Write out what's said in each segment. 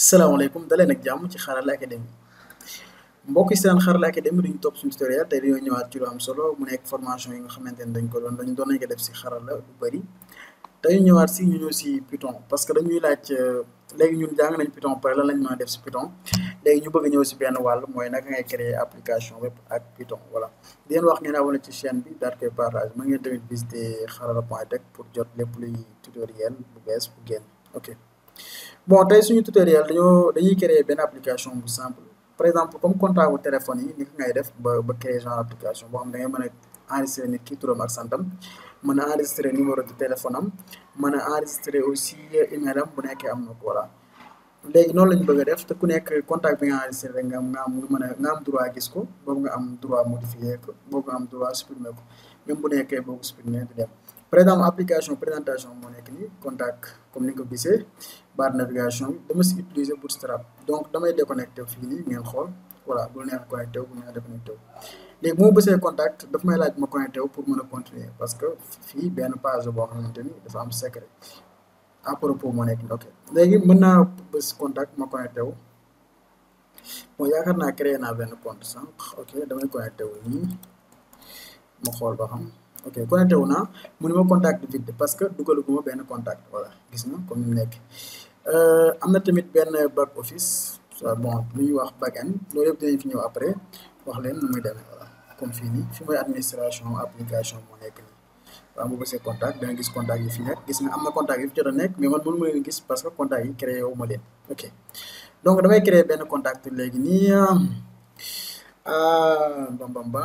salaamaaleykum daleen ak jàmm ci xarala dem mbokk yi seen xarala académie duñu topp suñu tutoriel te dañoo ñëwaat ci lu am solo mu nekk formation yi nga xamante ne dañ ko doon dañu doon nañ ko def si xarala bu bëri tey ñu ñëwaat si ñu ñëw si Python parce que dañuy laaj euh, léegi ñun jàng nañ Python pare lañ mën def si Python léegi ñu bëgg ñëw si benn wàll mooy naka ngay créer application web ak Python voilà di leen wax ngeen abonné ci chaîne bi daal koy partage ma ngeen tamit visité xarala point tech pour jot lépp luy tutoriel bu bees bu génn bon tay suñu tutoriel dañu dañuy créer ben application bu simple par exemple comme contrat wu téléphone yi ni ngay def ba ba créer genre application bo xam da ngay mëna enregistrer nit ki turam ak santam mëna enregistrer numéro de téléphone am mëna enregistrer aussi email am bu nekkee am na ko voilà léegi noonu lañ bëgg def te ku nekk contact bi nga enregistrer rek nga am nga am nga mën nga am droit gis ko bo nga am droit modifier ko bo nga am droit supprimer ko même bu nekkee bo supprimer du dem Program application présentation moo nekk nii contact comme ni nga ko gisee barre navigation bi dama si utiliser Bootstrap donc damay déconnecté fii nii ngeen xool voilà bu neex connecté wu bu neex déconnecté wu léegi bu ma bësee contact daf may laaj ma connecté wu pour mën a continuer parce que fii benn page boo xamante ni dafa am secret à propos moo nekk nii ok léegi mën naa bës contact ma connecté wu bon yaakaar naa créé naa benn compte sànq ok damay connecté wu nii ma xool ba xam. ok connecté wu naa mu ne ma contact vide parce que dugalaguma benn contact voilà gis na comme ni nekk euh, am na tamit benn back office bon lu ñuy wax back end loolu yëpp dinañ fi ñëw après wax leen nu muy demee fii nii fi mooy administration application moo nekk nii waaw mu bësee contact danga gis contact yi fi nekk gis nga am na contact yi fi jot a nekk mais man mënu ma gis parce que contact yi créé wu ma leen ok donc damay créer benn contact léegi nii euh, bambamba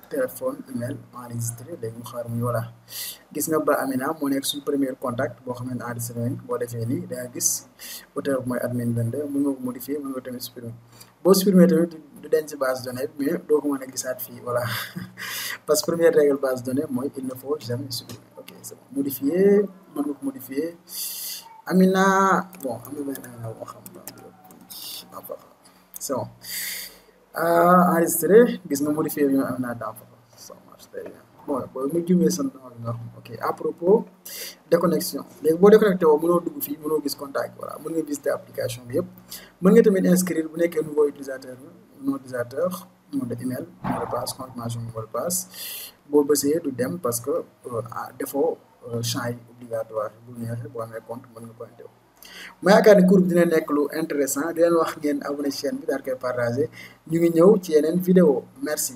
téléphone email enregistré léegi mu xaar muy voilà gis nga ba Amina moo nekk suñ premier contact boo xam ne enregistré boo defee nii da nga gis auteur mooy admin benn mun nga ko modifier mun nga ko tamit supprimer boo tamit du denc base donnée bi mais doo ko mën gisaat fii voilà parce que première règle base donnée mooy il ne faut jamais supprimer ok c'est bon modifier mën ko modifier Amina bon am na benn Amina boo xam ne ah, c'est ah enregistré gis nga modifié bi am naa daa ça marche très bien bon boo ma jumee sant nga ok à propos déconnexion léegi boo déconnecté woo mënoo dugg fii mënoo gis contact voilà mën nga visiter application bi yëpp mën nga tamit inscrire bu nekkee nouveau utilisateur nouveau utilisateur nom de email mot de passe confirmation mot de passe boo bësee du dem parce que euh, à défaut euh, champ yi obligatoire bu neexee boo amee compte mën nga connecté ma yaakaar ni cours dina nekk lu intéressant di leen wax ngeen abonné chaîne bi daal koy partagé ñu ngi ñëw ci yeneen vidéo merci